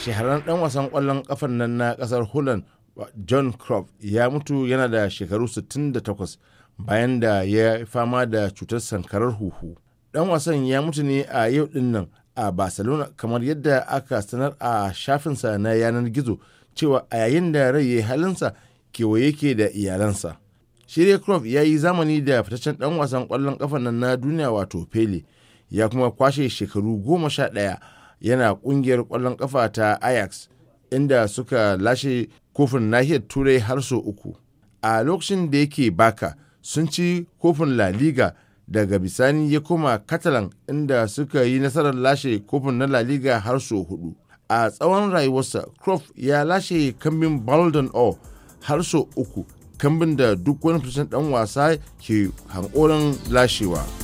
shahararren dan wasan kwallon kafan nan na kasar holland john croft ya mutu yana da shekaru 68 bayan da ya fama da cutar sankarar huhu dan wasan ya mutu ne a yau din a barcelona kamar yadda aka sanar a shafinsa na yanar gizo cewa a yayin da rai ya halinsa kewaye ke da iyalansa shirya croft ya yi zamani da fitaccen dan wasan kwallon kafan nan na duniya wato pele ya kuma kwashe shekaru goma sha ɗaya yana kungiyar kwallon ƙafa ta Ajax inda suka lashe kofin nahiyar Turai har sau uku. A lokacin da yake baka sun ci kofin La Liga daga bisani ya koma Catalan inda suka yi nasarar lashe kofin na La Liga har sau hudu. A tsawon rayuwarsa, Croft ya lashe kambin Baldon O har sau uku, kambin da duk wani dan wasa ke hankoron lashewa.